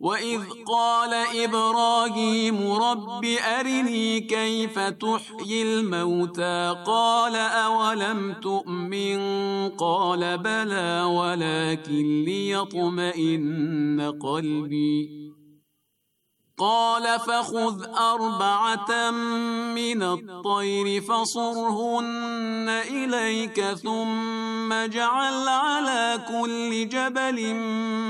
واذ قال ابراهيم رب ارني كيف تحيي الموتى قال اولم تؤمن قال بلى ولكن ليطمئن قلبي قال فخذ اربعه من الطير فصرهن اليك ثم اجعل على على كل جبل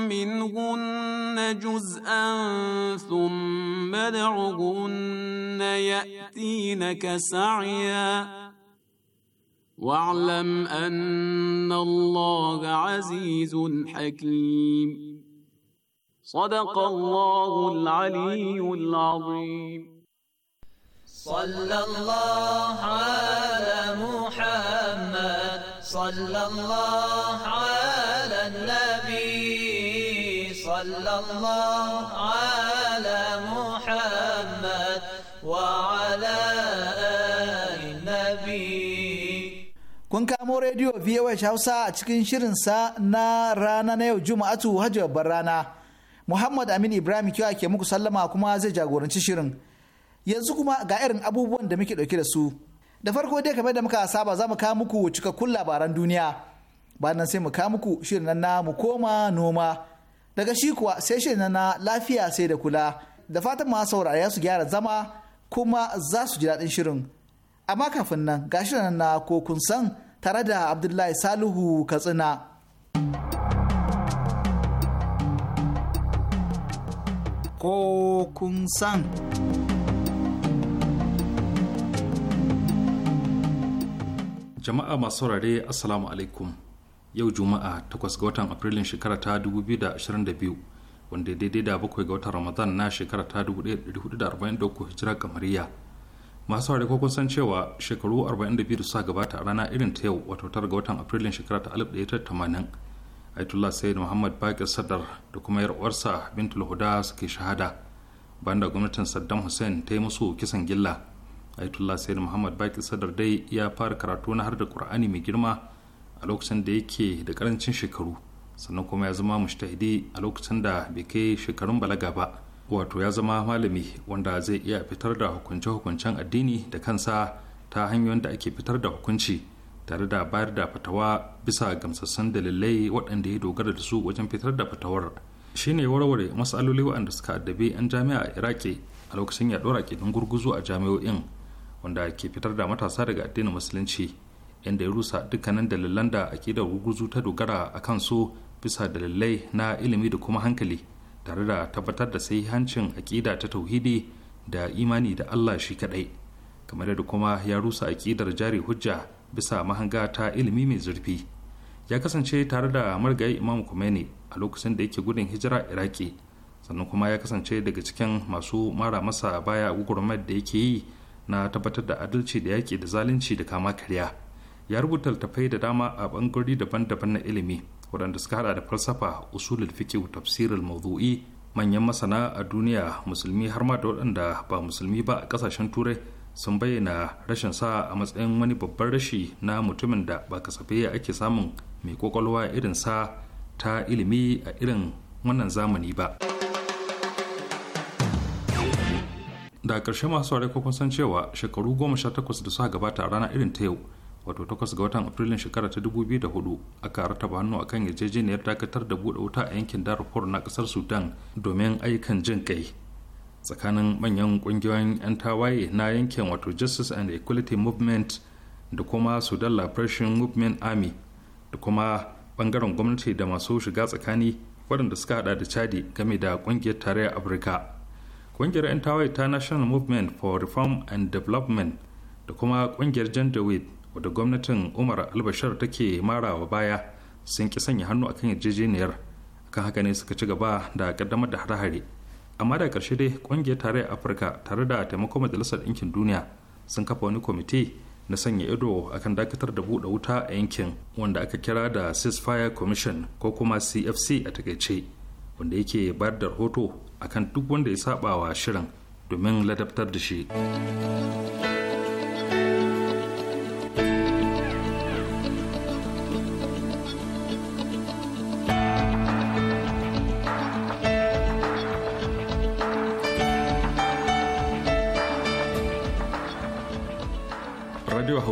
منهن جزءا ثم ادعهن يأتينك سعيا واعلم أن الله عزيز حكيم صدق الله العلي العظيم صلى الله على محمد صلى الله على Kun kamo rediyo VOA Hausa a cikin shirinsa na rana na yau Juma'atu Hajji babbar rana. Muhammad Amin Ibrahim kiwa ke muku sallama kuma zai jagoranci shirin. Yanzu kuma ga irin abubuwan da muke ɗauke da su. Da farko dai kamar da muka saba za mu kawo muku cikakkun labaran duniya. Bayan sai mu kawo muku shirin na mu koma noma. daga shi kuwa sai shi na lafiya sai da kula da fatan masu saurare su gyara zama kuma za su ji daɗin shirin amma kafin nan ga shi na ko kun san tare da abdullahi salihu katsina ko kun san jama'a masu saurare assalamu alaikum yau juma'a 8 ga watan afrilun shekara ta 2022 wanda daidai da bakwai ga watan ramadan na shekara ta 1443 hijira kamariya masu haɗe kun san cewa shekaru 42 da suka gabata a rana irin ta yau wato tara ga watan afrilun shekara ta 1980 aitullah sayyid muhammad bakir sadar da kuma yar uwarsa bintul huda suke shahada bayan da gwamnatin saddam hussein ta yi musu kisan gilla aitullah sayyid muhammad bakir sadar dai ya fara karatu na har da qur'ani mai girma a lokacin da yake da karancin shekaru sannan kuma ya zama mushtahidi a lokacin da bai kai shekarun balaga ba wato ya zama malami wanda zai iya fitar da hukunce-hukuncen addini da kansa ta hanyoyin da ake fitar da hukunci tare da bayar da fatawa bisa gamsassun dalilai waɗanda ya dogara da su wajen fitar da fatawar shine warware matsaloli waɗanda suka addabi 'yan jami'a a iraki a lokacin ɗora aƙidin gurguzu a jami'o'in wanda ke fitar da matasa daga addinin musulunci inda ya rusa dukkanin dalilan da akidar guguzu ta dogara a kan su bisa dalilai na ilimi da kuma hankali tare da tabbatar da sai hancin akida ta tauhidi da imani da Allah shi kadai kamar da kuma ya rusa akidar jari hujja bisa mahanga ta ilimi mai zurfi ya kasance tare da margayi imam kumeni a lokacin da yake gudun hijira iraki sannan kuma ya kasance daga cikin masu mara masa baya gugurumar da yake yi na tabbatar da adalci da yaƙi da zalunci da kama karya ya rubuta littattafai da dama a bangarori daban-daban na ilimi waɗanda suka hada da falsafa usulul fiqh tafsirul mawdu'i manyan masana a duniya musulmi har ma da waɗanda ba musulmi ba a kasashen turai sun bayyana rashin sa a matsayin wani babban rashi na mutumin da ba ya ake samun mai kwakwalwa irin sa ta ilimi a irin wannan zamani ba. da ƙarshe masu ware kun san cewa shekaru goma sha takwas da suka gabata a rana irin ta yau wato 8 ga watan afrilun shekara ta 2004 aka rataba hannu a akan yarjejeniyar dakatar da buɗe wuta a yankin darfur na ƙasar sudan domin ayyukan jin kai tsakanin manyan ƙungiyoyin 'yan tawaye na yankin wato justice and equality movement da kuma sudan liberation movement army da kuma ɓangaren gwamnati da masu shiga tsakani waɗanda suka hada da chadi game da ƙungiyar tarayyar afirka ƙungiyar 'yan tawaye ta national movement for reform and development da kuma ƙungiyar gender with wadda gwamnatin umar albashar take wa baya sun ki sanya hannu akan yarjejeniyar kan haka ne suka ci gaba da kaddamar da hare-hare amma da ƙarshe dai ƙungiyar tarayyar afirka tare da taimakon majalisar ɗinkin duniya sun kafa wani kwamiti na sanya ido akan dakatar da buɗe wuta a yankin wanda aka kira da ceasefire commission ko kuma cfc a takaice wanda yake bayar da rahoto akan duk wanda ya saba wa shirin domin ladabtar da shi.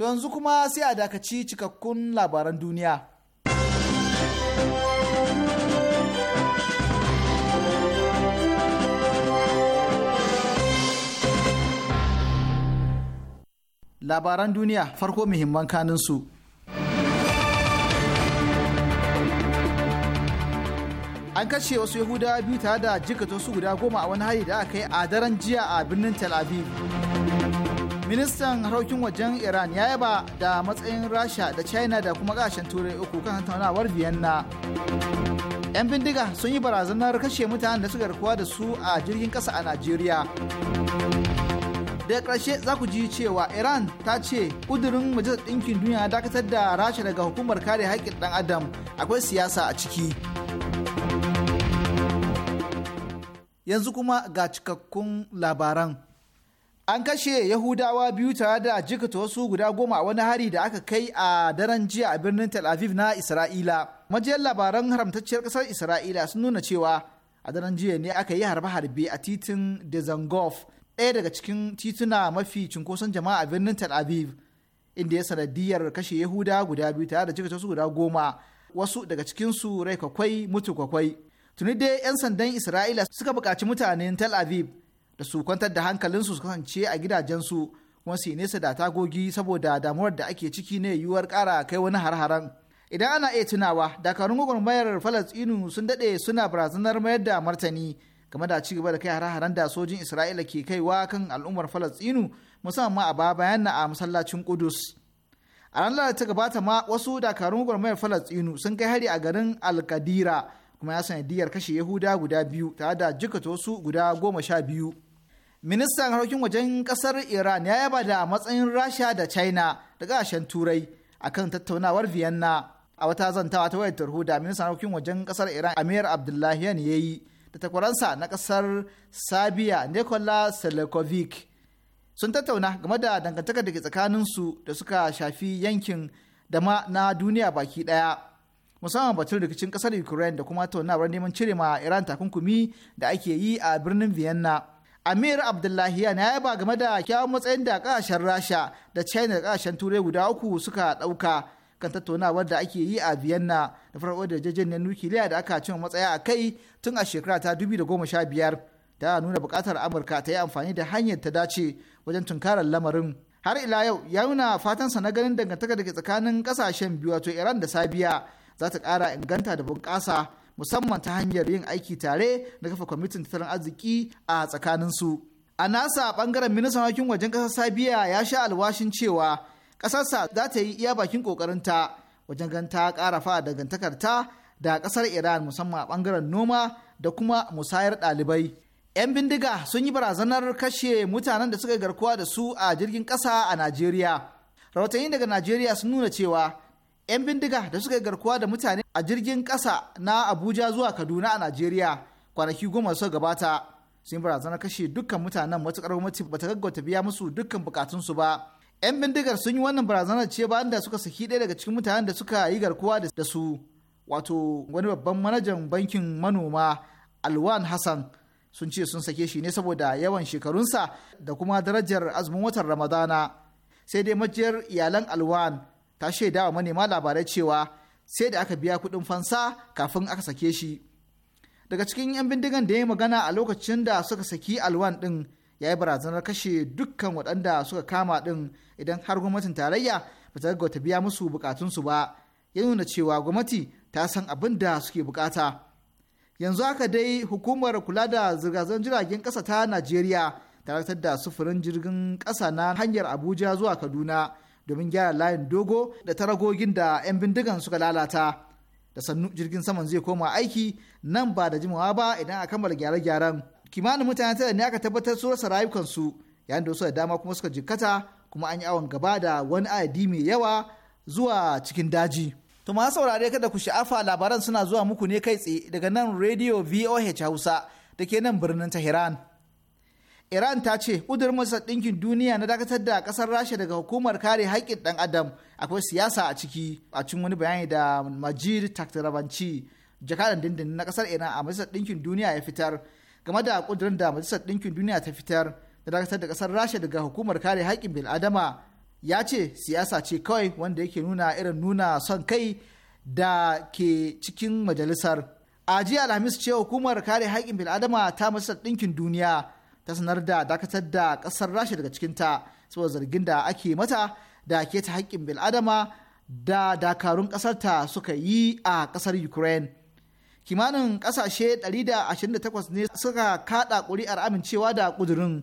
To yanzu kuma sai a dakaci cikakkun labaran duniya. Labaran duniya farko muhimman kaninsu. An kashe wasu Yahudawa biyu tare da jikata su guda goma a wani hari da aka yi a daren jiya a birnin Tel Aviv. ministan harkokin wajen iran ya yaba da matsayin rasha da china da kuma kasashen turai uku kan tattaunawar vienna yan bindiga sun yi barazanar kashe mutanen da suka garkuwa da su a jirgin kasa a najeriya daga ƙarshe za ku ji cewa iran ta ce ƙudurin majalisar ɗinkin duniya dakatar da rasha daga hukumar kare haƙƙin ɗan adam akwai siyasa a ciki yanzu kuma ga cikakkun labaran an kashe yahudawa biyu tare da jikata wasu guda goma a wani hari da aka kai a daren jiya a birnin tel aviv na isra'ila majiyar labaran haramtacciyar kasar isra'ila sun nuna cewa a daren jiya ne aka yi harbe-harbe a titin dezangof ɗaya daga cikin tituna mafi cunkoson jama'a a birnin tel aviv inda ya sanadiyar kashe yahuda guda biyu tare da jikata wasu guda goma wasu daga su rai kwakwai mutu kwakwai tuni dai 'yan sandan isra'ila suka buƙaci mutanen tel aviv da su kwantar da hankalinsu su kasance a gidajensu kuma su nesa da tagogi saboda damuwar da ake ciki ne yiwuwar kara kai wani har-haren. Idan ana iya tunawa, dakarun gwagwarmayar Falastinu sun daɗe suna barazanar mayar da martani game da ci gaba da kai har-haren da sojin Isra'ila ke kaiwa kan al'ummar Falastinu musamman a baya bayan na a masallacin Kudus. A ranar da ta gabata ma wasu dakarun gwagwarmayar Falastinu sun kai hari a garin Alkadira kuma ya sanya diyar kashe Yahuda guda biyu tare da jikata wasu guda goma sha biyu. ministan harkokin wajen kasar iran ya yaba da matsayin rasha da china da gashen turai akan tattaunawar vienna a wata zantawa ta wayar tarho da ministan harkokin wajen kasar iran amir abdullahi ya yayi da takwaransa na kasar sabia nikola selekovic sun tattauna game da dangantakar da ke su da suka shafi yankin da ma na duniya baki daya musamman batun rikicin kasar ukraine da kuma tattaunawar neman cire ma iran takunkumi da ake yi a birnin vienna amir abdullahi ya ba game da kyawun matsayin da kasashen rasha da china da kasashen turai guda uku suka ɗauka kan tattaunawar da ake yi a vienna da farko da na nukiliya da aka cin matsaya a kai tun a shekara ta 2015 ta nuna bukatar amurka ta yi amfani da hanyar ta dace wajen tunkarar lamarin har ila yau ya nuna fatansa na ganin dangantaka da ke tsakanin kasashen biyu wato iran da sabiya za ta ƙara inganta da bunƙasa musamman ta hanyar yin aiki tare da kafa kwamitin tattalin arziki a tsakanin su A nasa bangaren ministan harkokin wajen ƙasar Sabiya ya sha alwashin cewa ƙasarsa za ta yi iya bakin ƙoƙarinta wajen ganta ta fa dangantakarta da ƙasar Iran musamman a bangaren noma da kuma musayar ɗalibai. 'Yan bindiga sun yi barazanar kashe mutanen da suka garkuwa da su a jirgin ƙasa a Najeriya. Rahotanni daga Najeriya sun nuna cewa 'yan bindiga da suka yi garkuwa da mutane a jirgin ƙasa na abuja zuwa kaduna a najeriya kwanaki goma suka gabata sun barazana kashe dukkan mutanen matuƙar gwamnati bata gaggauta biya musu dukkan bukatunsu ba 'yan bindigar sun yi wannan barazanar ce bayan da suka saki ɗaya daga cikin mutanen da suka yi garkuwa da su wato wani babban manajan bankin manoma alwan hassan sun ce sun sake shi ne saboda yawan shekarunsa da kuma darajar azumin watan ramadana sai dai majiyar iyalan alwan ta shaida wa manema labarai cewa sai da aka biya kuɗin fansa kafin aka sake shi daga cikin 'yan bindigan da ya magana a lokacin da suka saki alwan ɗin ya yi barazanar kashe dukkan waɗanda suka kama ɗin idan har gwamnatin tarayya ba ta ta biya musu bukatunsu ba ya nuna cewa gwamnati ta san abin da suke bukata yanzu haka dai hukumar kula da zirga-zirgar jiragen ƙasa ta najeriya ta da sufurin jirgin ƙasa na hanyar abuja zuwa kaduna domin gyara layin dogo da taragogin da 'yan bindigan suka lalata da sannu jirgin saman zai koma aiki nan ba da jimawa ba idan a kammala gyare-gyaren kimanin mutane tara ne aka tabbatar su rasa rayukansu yayin da wasu da dama kuma suka jikkata kuma an yi awon gaba da wani adadi mai yawa zuwa cikin daji to masu saurare kada ku sha'afa labaran suna zuwa muku ne kai tsaye daga nan radio voh hausa da ke nan birnin tehran Iran ta ce ƙudurin masu Ɗinkin Duniya na dakatar da ƙasar Rasha daga hukumar kare haƙƙin ɗan Adam akwai siyasa a ciki a cikin wani bayani da Majid Taktarabanci jakadan dindindin na ƙasar Iran a Majalisar Ɗinkin Duniya ya fitar game da ƙudurin da Majalisar Ɗinkin Duniya ta fitar na dakatar da ƙasar Rasha daga hukumar kare haƙƙin adama ya ce siyasa ce kawai wanda yake nuna irin nuna son kai da ke cikin majalisar. A jiya Alhamis ce hukumar kare haƙƙin adama ta Majalisar Ɗinkin Duniya ta sanar da dakatar da kasar rasha daga cikinta saboda zargin da ake mata da ke ta haƙƙin bil'adama da dakarun ƙasarta suka yi a ƙasar ukraine kimanin ƙasashe 128 ne suka kaɗa ƙuri'ar amincewa da ƙudurin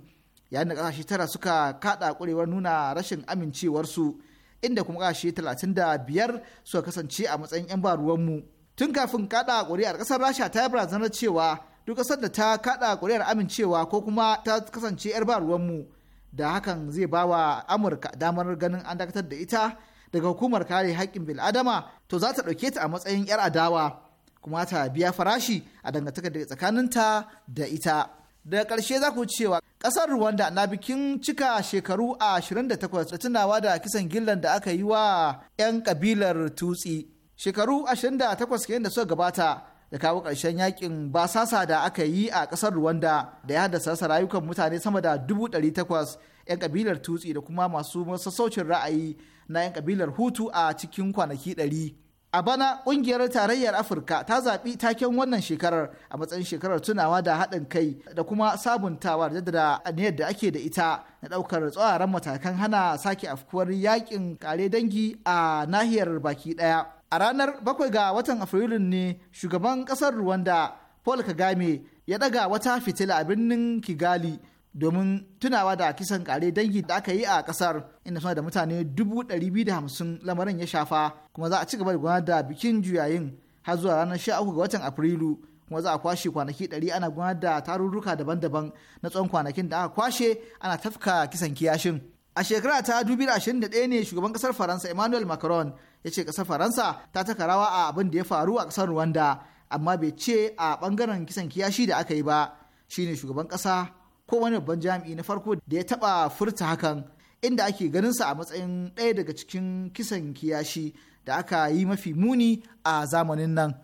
yayin da kasashe tara suka kaɗa ƙuri'ar nuna rashin amincewarsu inda kuma ƙasashe 35 suka kasance a matsayin 'yan baruwanmu tun kafin kaɗa ƙuri'ar ƙasar rasha ta yi barazanar cewa duk ƙasar da ta kaɗa kuri'ar amincewa ko kuma ta kasance 'yar ba mu da hakan zai ba wa amurka damar ganin an dakatar da ita daga hukumar kare haƙƙin bil'adama to za ta ɗauke ta a matsayin 'yar adawa kuma ta biya farashi a dangantaka da tsakaninta da ita daga ƙarshe za ku cewa ƙasar rwanda na bikin cika shekaru a 28 da tunawa da kisan gillan da aka yi wa 'yan ƙabilar tutsi shekaru 28 kenan da suka gabata da kawo ƙarshen yakin basasa da aka yi a ƙasar Rwanda da ya haddasa rayukan mutane sama da dubu ɗari takwas 'yan ƙabilar Tutsi da kuma masu masassaucin ra'ayi na 'yan ƙabilar Hutu a cikin kwanaki ɗari. A bana ƙungiyar tarayyar Afirka ta zaɓi taken wannan shekarar a matsayin shekarar tunawa da haɗin kai da kuma sabuntawa da jaddada aniyar da ake da ita na ɗaukar tsawaran matakan hana sake afkuwar yakin ƙare dangi a nahiyar baki ɗaya. a ranar bakwai ga watan afrilun ne shugaban kasar rwanda paul kagame ya daga wata fitila a birnin kigali domin tunawa da kisan kare dangi da aka yi a kasar inda suna da mutane 250 lamarin ya shafa kuma za a ci gaba da gudanar da bikin juyayin har zuwa ranar 13 ga watan afrilu kuma za a kwashe kwanaki 100 ana gudanar da tarurruka daban-daban na tsawon kwanakin da aka kwashe ana tafka kisan kiyashin a shekara ta 2021 ne shugaban kasar faransa emmanuel macron ya ce ƙasar faransa ta taka rawa a abin da ya faru a ƙasar rwanda amma bai ce a bangaren kisan kiyashi da aka yi ba shine shugaban ƙasa ko wani babban jami'i na farko da ya taɓa furta hakan inda ake ganinsa a matsayin ɗaya daga cikin kisan kiyashi da aka yi mafi muni a zamanin nan.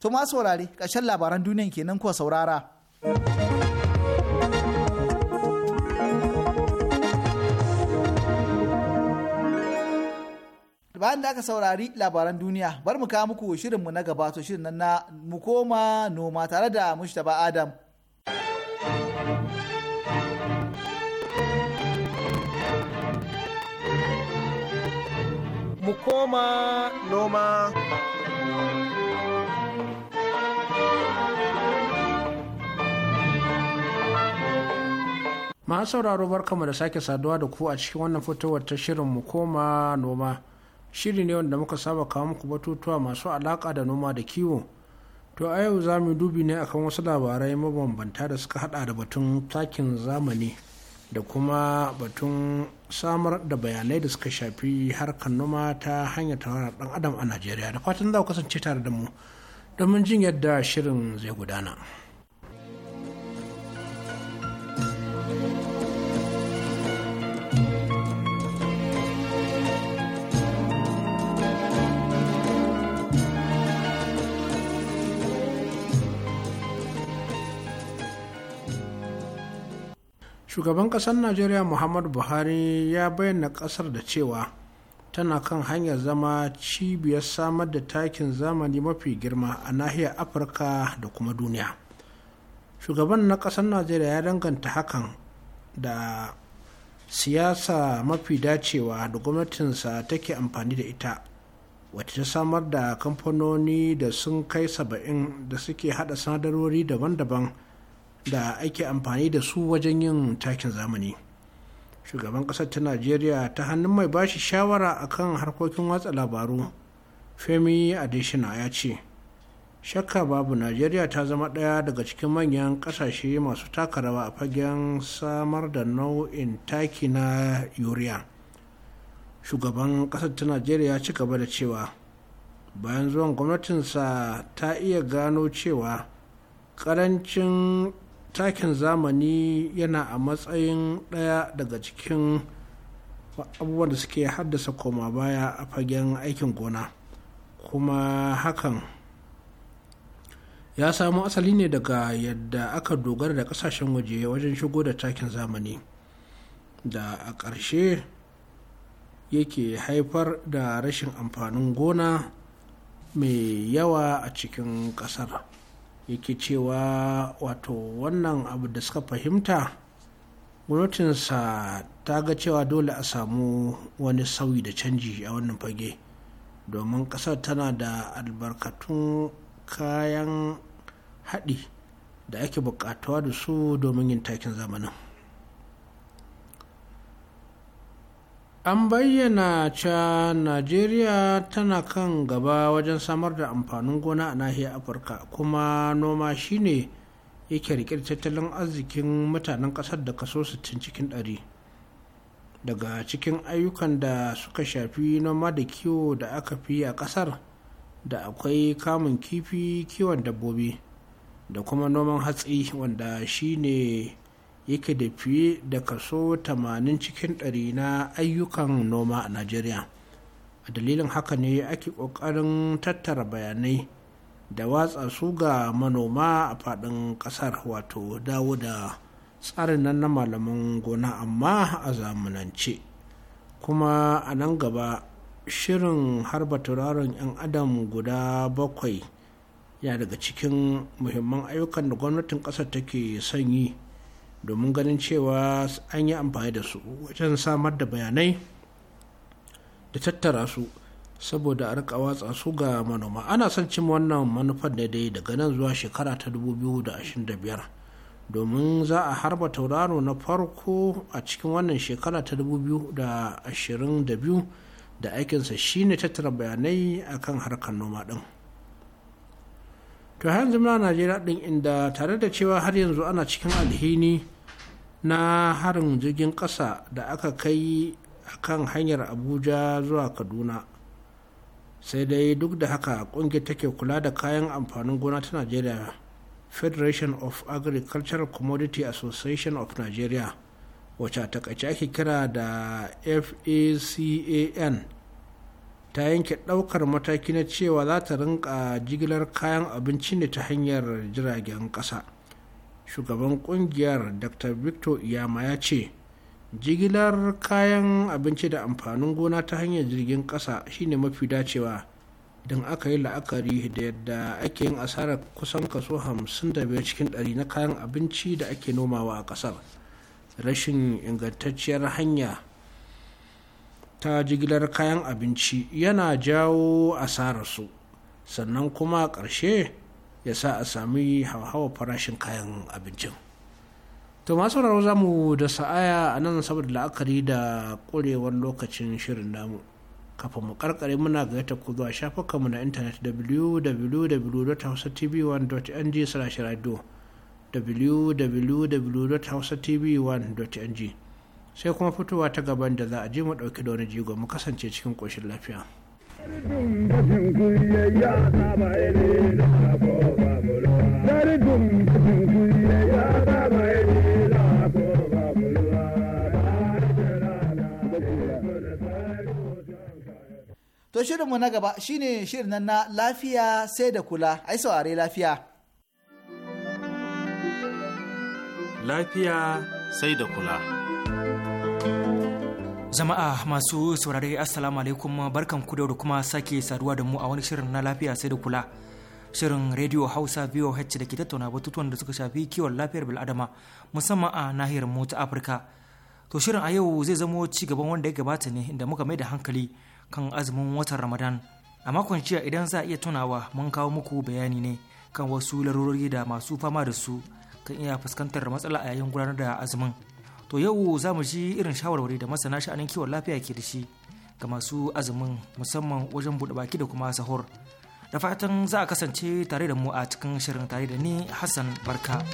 To ma saurare, ƙarshen labaran duniyan kenan kuwa saurara. bayan da aka saurari labaran duniya bar mu kawo muku shirinmu na gaba to shirin nan na mu koma noma tare da mushtaba adam mu koma noma masu sauraro barkamu da sake saduwa da ku a cikin wannan fitowar ta shirin mu koma noma shiri ne wanda muka saba kawo muku batutuwa masu alaƙa da noma da kiwo to a yau za mu dubi ne akan wasu labarai mabambanta da suka hada da batun takin zamani da kuma batun samar da bayanai da suka shafi harkar noma ta hanyar tawarar dan adam a najeriya da fatan za ku kasance tare da mu domin jin yadda shirin zai gudana. shugaban ƙasar najeriya muhammadu buhari ya bayyana ƙasar da cewa tana kan hanyar zama cibiyar samar da takin zamani mafi girma a nahiyar afirka da kuma duniya shugaban na ƙasar najeriya ya danganta hakan da siyasa mafi dacewa da gwamnatinsa take amfani da ita wacce ta samar da kamfanoni da sun kai saba'in da suke hada sanadarori daban-daban da ake amfani da su wajen yin takin zamani shugaban ƙasar ta najeriya ta hannun mai bashi shawara a kan harkokin watsa labaru femi adeshina ya ce shakka babu najeriya ta zama ɗaya daga cikin manyan ƙasashe masu taka rawa a fagen samar da nau'in taki na yuriya shugaban ƙasar ta najeriya ci gaba da cewa bayan zuwan gwamnatinsa ta iya gano cewa ƙarancin takin zamani yana a matsayin ɗaya daga cikin abubuwan da suke haddasa koma baya a fagen aikin gona kuma hakan ya samo asali ne daga yadda aka dogara da kasashen waje wajen shigo da takin zamani da a ƙarshe yake haifar da rashin amfanin gona mai yawa a cikin ƙasar yake cewa wato wannan abu da suka fahimta gwamnatinsa ta ga cewa dole a samu wani sauyi da canji a wannan fage domin ƙasar tana da albarkatun kayan haɗi da ake buƙatuwa da su domin yin takin zamanin an bayyana cewa najeriya tana kan gaba wajen samar da amfanin gona a nahiyar afirka kuma noma shine yake rike tattalin arzikin mutanen ƙasar da kaso 60 cikin 100 daga cikin ayyukan da suka shafi noma da kiwo da aka fi a ƙasar da akwai kamun kifi kiwon dabbobi da kuma noman hatsi wanda shine yake da fiye da kaso 80 cikin ɗari na ayyukan noma a najeriya a dalilin haka ne ake ƙoƙarin tattara bayanai da watsa su ga manoma a faɗin ƙasar wato dawo da tsarin nan na malaman gona amma a zamanance kuma a nan gaba shirin harba tauraron 'yan adam guda bakwai ya daga cikin muhimman ayyukan da gwamnatin ƙasar take son yi domin ganin cewa an yi amfani da su wajen samar da bayanai da tattara su saboda a rika watsa su ga manoma ana son cin wannan manufar ne dai daga nan zuwa shekara ta 2025 domin za a harba tauraro na farko a cikin wannan shekara ta 2022 da aikinsa shine tattara bayanai akan harkar noma din. to yanzu muna najeriya din inda tare da cewa har yanzu ana cikin alhini na harin jirgin ƙasa da aka kai a kan hanyar abuja zuwa kaduna sai dai duk da haka ƙungiyar take kula da kayan amfanin gona ta najeriya federation of agricultural commodity association of nigeria wacce a takaice ake kira da facan ta yanke ɗaukar mataki na cewa za ta rinka jigilar kayan abinci ne ta hanyar jiragen ƙasa shugaban kungiyar dr victor iyama ya ce jigilar kayan abinci da amfanin gona ta hanyar jirgin kasa shine mafi dacewa idan aka yi la'akari da yadda ake yin asarar kusan kaso 55 cikin 100 na kayan abinci da ake nomawa a kasar rashin ingantacciyar hanya ta jigilar kayan abinci yana jawo asararsu sannan kuma a ƙarshe ya sa a sami hawa farashin kayan abincin to masu sauraro za mu da sa'aya a nan saboda la'akari da ƙurewar lokacin shirin namu kafin mu karkare muna ga ta ku zuwa shafukanmu na intanet www.hausatv1.ng radio www.hausatv1.ng sai kuma fitowa ta gaban da za a je mu dauki da wani jigo mu kasance cikin koshin lafiya. To shirinmu na gaba shine shirin na lafiya sai da kula, ai saurare lafiya. Lafiya sai da kula. Jama'a masu saurare Assalamu alaikum barkan ku da kuma sake saduwa da mu a wani shirin na lafiya sai da kula. Shirin Radio Hausa VOH da ke tattauna batutuwan da suka shafi kiwon lafiyar bil'adama musamman a nahiyar mu ta Afirka. To shirin a yau zai zamo ci gaban wanda ya gabata ne da muka mai da hankali kan azumin watan Ramadan. A makon jiya idan za a iya tunawa mun kawo muku bayani ne kan wasu larurori da masu fama da su kan iya fuskantar matsala a yayin gudanar da azumin to yau za mu ji irin shawarwari da masana sha'anin kiwon lafiya ke da shi ga masu azumin musamman wajen buɗe baki da kuma sahur da fatan za a kasance tare da mu a cikin shirin tare da ni hassan barka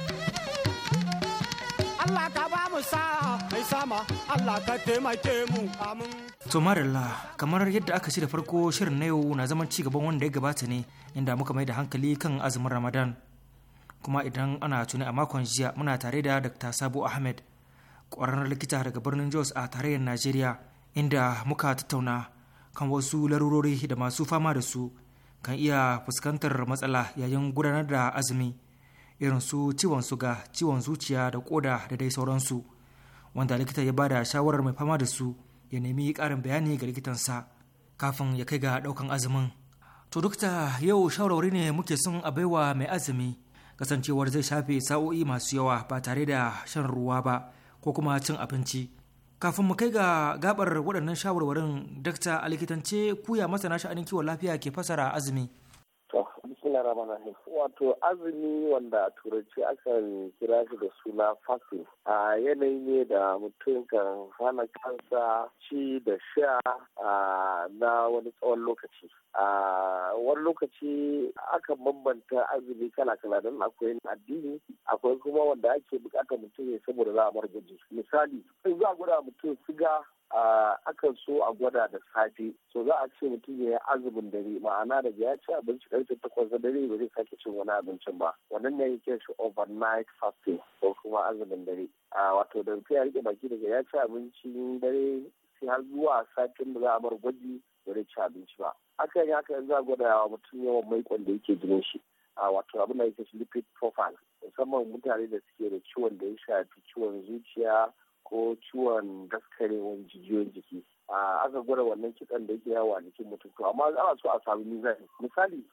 Allah ka ba mu mai sama Allah ka taimake mu amin to marilla kamar yadda aka ce da farko shirin na yau na zaman ci gaban wanda ya gabata ne inda muka mai da hankali kan azumin ramadan kuma idan ana tuni a makon jiya muna tare da dr sabo ahmed ƙwararren likita daga birnin jos a tarayyar najeriya inda muka tattauna kan wasu larurori da masu fama da su kan iya fuskantar matsala yayin gudanar da azumi irin su ciwon suga ciwon zuciya da koda da dai sauransu wanda likita ya bada shawarar mai fama da su ya nemi ƙarin bayani ga likitansa kafin ya kai ga ɗaukan azumin to dukta yau shawarwari ne muke son a baiwa mai azumi kasancewar zai shafe sa'o'i masu yawa ba tare da shan ruwa ba ko kuma cin abinci kafin mu kai ga gabar waɗannan shawarwarin dakta a likitance kuya masana sha'anin kiwon lafiya ke fasara azumi Bismillah Wato azumi wanda a turanci akan kira shi da suna fasting. A yanayi ne da mutum kan hana kansa ci da sha na wani tsawon lokaci. A wani lokaci akan bambanta azumi kala-kala don akwai addini akwai kuma wanda ake bukatar mutum ne saboda za a bar gaji. Misali, in za a gwada mutum siga akan so a gwada da safe so za a ce mutum ya yi azumin dare ma'ana da ya ci abinci karfe takwas da dare ba zai sake cin wani abincin ba wannan ne yake shi overnight fasting ko kuma azumin dare wato da rufe ya rike baki daga ya ci abincin dare sai har zuwa satin da za a bar gwaji ba zai ci abinci ba haka yi haka yanzu a gwada wa mutum yawan maikon da yake jinin shi wato abin da yake shi lipid profile musamman mutane da suke da ciwon da ya shafi ciwon zuciya ko ciwon daskarewar jijiyoyin jiki a aka gwada wannan kitsan da yake yawa jikin mutum to amma ana so a samu mizani misali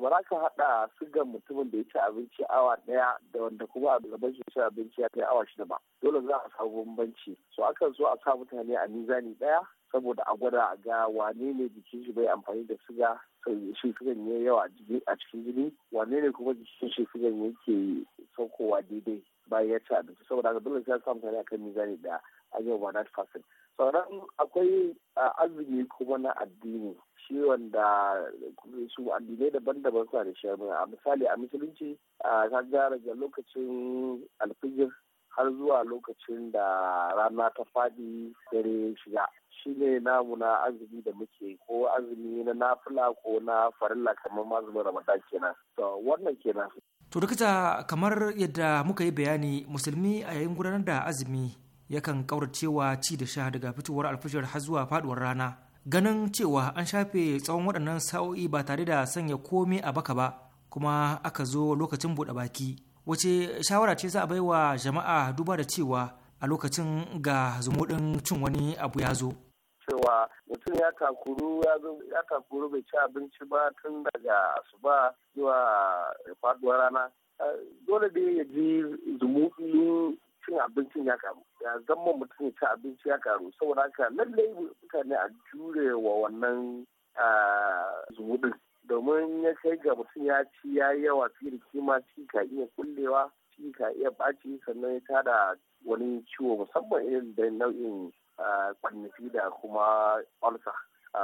ba za ka haɗa sigan mutumin da ya ci abinci awa ɗaya da wanda kuma a gaban shi ci abinci ya kai awa shida ba dole za a samu bambanci so akan so a sa mutane a nizani ɗaya saboda a gwada a ga wane ne jikin shi bai amfani da siga shi sigan ya yawa a cikin jini wane ne kuma jikin shi sigan yake saukowa daidai bayan ya ci abinci saboda haka dole sai samu tare akan mizani da hanyar one sauran akwai azumi kuma na addini shi wanda su addinai daban-daban suna da shi a misali a musulunci ta ga daga lokacin alfijir har zuwa lokacin da rana ta fadi dare shiga shi ne namu azumi da muke ko azumi na nafila ko na farilla kamar mazumin ramadan kenan to wannan kenan to rikita kamar yadda muka yi bayani musulmi a yayin gudanar da azumi yakan ƙauracewa ci da sha daga fitowar alfashar har zuwa faduwar rana ganin cewa an shafe tsawon waɗannan sa'o'i ba tare da sanya komai a baka ba kuma aka zo lokacin buɗe baki wace shawara ce za a baiwa jama'a duba da cewa a lokacin ga zumuɗin cin wani abu ya zo cewa mutum ya takuru ya takuru bai ci abinci ba tun daga asuba zuwa faduwar rana eh, dole dai ya ji zumuɗin cin abincin ya karu ya zama mutum ya ci abinci ya karu saboda haka lallai mutane a jure wa wannan eh, zumuɗin domin ya kai ga mutum ya ci ya yi yawa fiye da kima ci ka iya kullewa ci ka iya ɓaci sannan ya tada wani ciwo musamman irin da nau'in kwannafi da kuma ulcer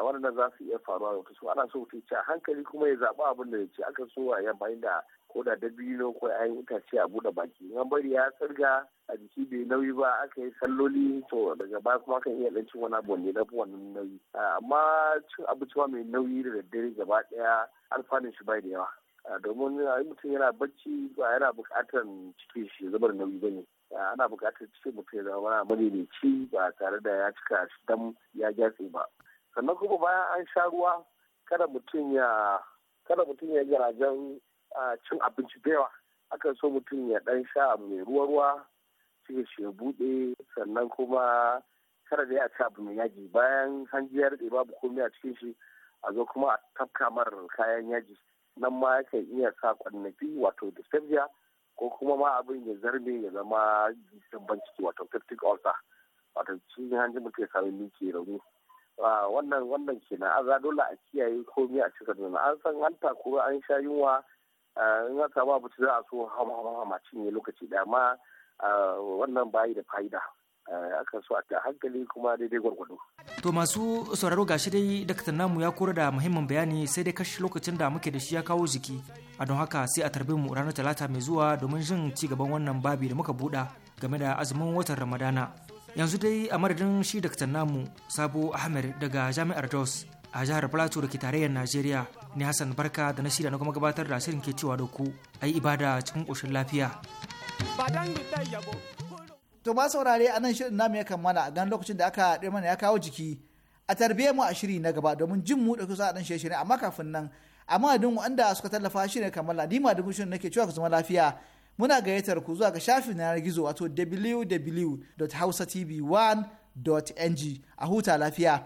waɗannan za su iya faruwa wata su ana so mutum ci a hankali kuma ya zaɓi abin da ya ci aka so a yamma inda ko da dabino ko ayan itace a buɗe baki in bari ya tsirga a jiki bai nauyi ba aka yi salloli to daga baya kuma kan iya ɗan cin wani abu ne na wannan nauyi amma cin abinci mai nauyi da daddare gaba ɗaya alfanun shi bai da yawa domin mutum yana bacci ba yana buƙatar cikin shi zubar nauyi ba ne ana buƙatar cikin mutum ya zama madaidaici ba tare da ya cika shi dam ya gyatse ba sannan kuma bayan an sha ruwa kada mutum ya kada mutum cin abinci da yawa akan so mutum ya dan sha mai ruwa ruwa cikin shi ya buɗe sannan kuma kada da ya ci abu mai yaji bayan hanji ya rike babu komai a cikin shi a zo kuma a tafka mara kayan yaji nan ma yakan iya sa kwannafi wato dyspepsia ko kuma ma abin ya zarbe ya zama sabon ciki wato peptic ulcer wato cikin hanjin mutum ya sami miki rauni wannan wannan kenan an za dole a kiyaye komi a cikin nuna an san hanta ko an sha yunwa in an samu abu za a so hama hama hama cinye lokaci da ma wannan bayi da fa'ida Eh, aka so a hankali kuma daidai gwargwado. To masu sauraro gashi dai daktar namu ya kora da muhimmin bayani sai dai kashi lokacin da muke da shi ya kawo jiki. A don haka sai a tarbe mu ranar talata mai zuwa domin jin ci gaban wannan babi da muka buɗa game da azumin watan Ramadana. Yanzu dai a madadin shi daktar namu Sabo Ahmed daga Jami'ar Jos a jihar Plateau da ke tarayyar Najeriya ni Hassan Barka da na shirya na kuma gabatar da shirin ke cewa da ku a yi ibada cikin ƙoshin lafiya. Badan yabo. to ba saurare a nan shirin namu ya kammala gan lokacin da aka haɗe mana ya kawo jiki a tarbiyyar mu a shiri na gaba domin jin mu da kusa a ɗan amma kafin nan amma adin wanda suka tallafa ne kammala ni ma dubu shirin nake cewa ku zama lafiya muna gayyatar ku zuwa ga shafin na gizo wato www.hausatv1.ng a huta lafiya.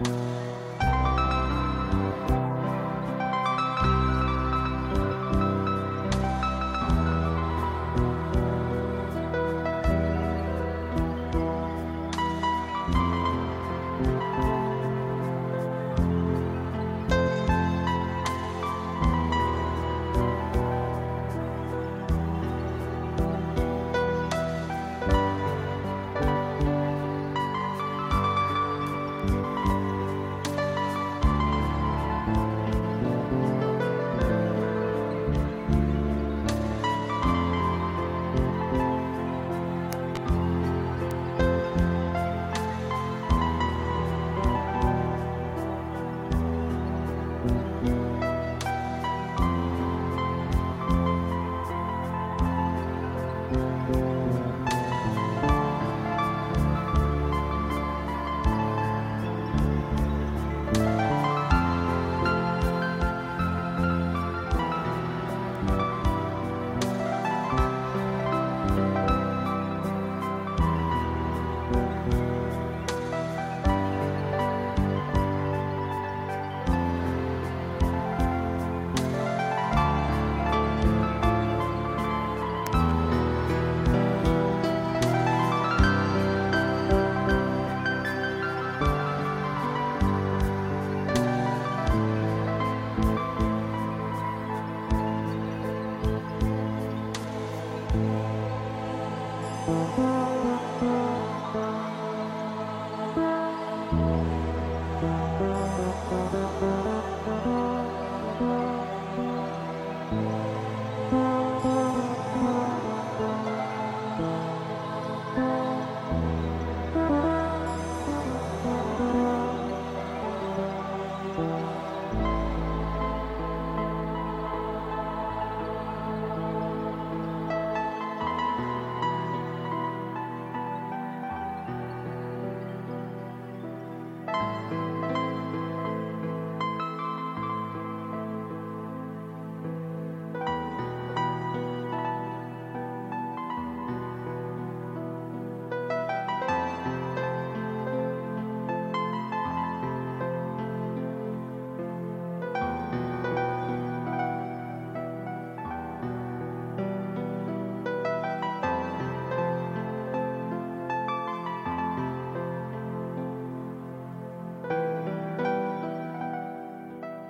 Thank you.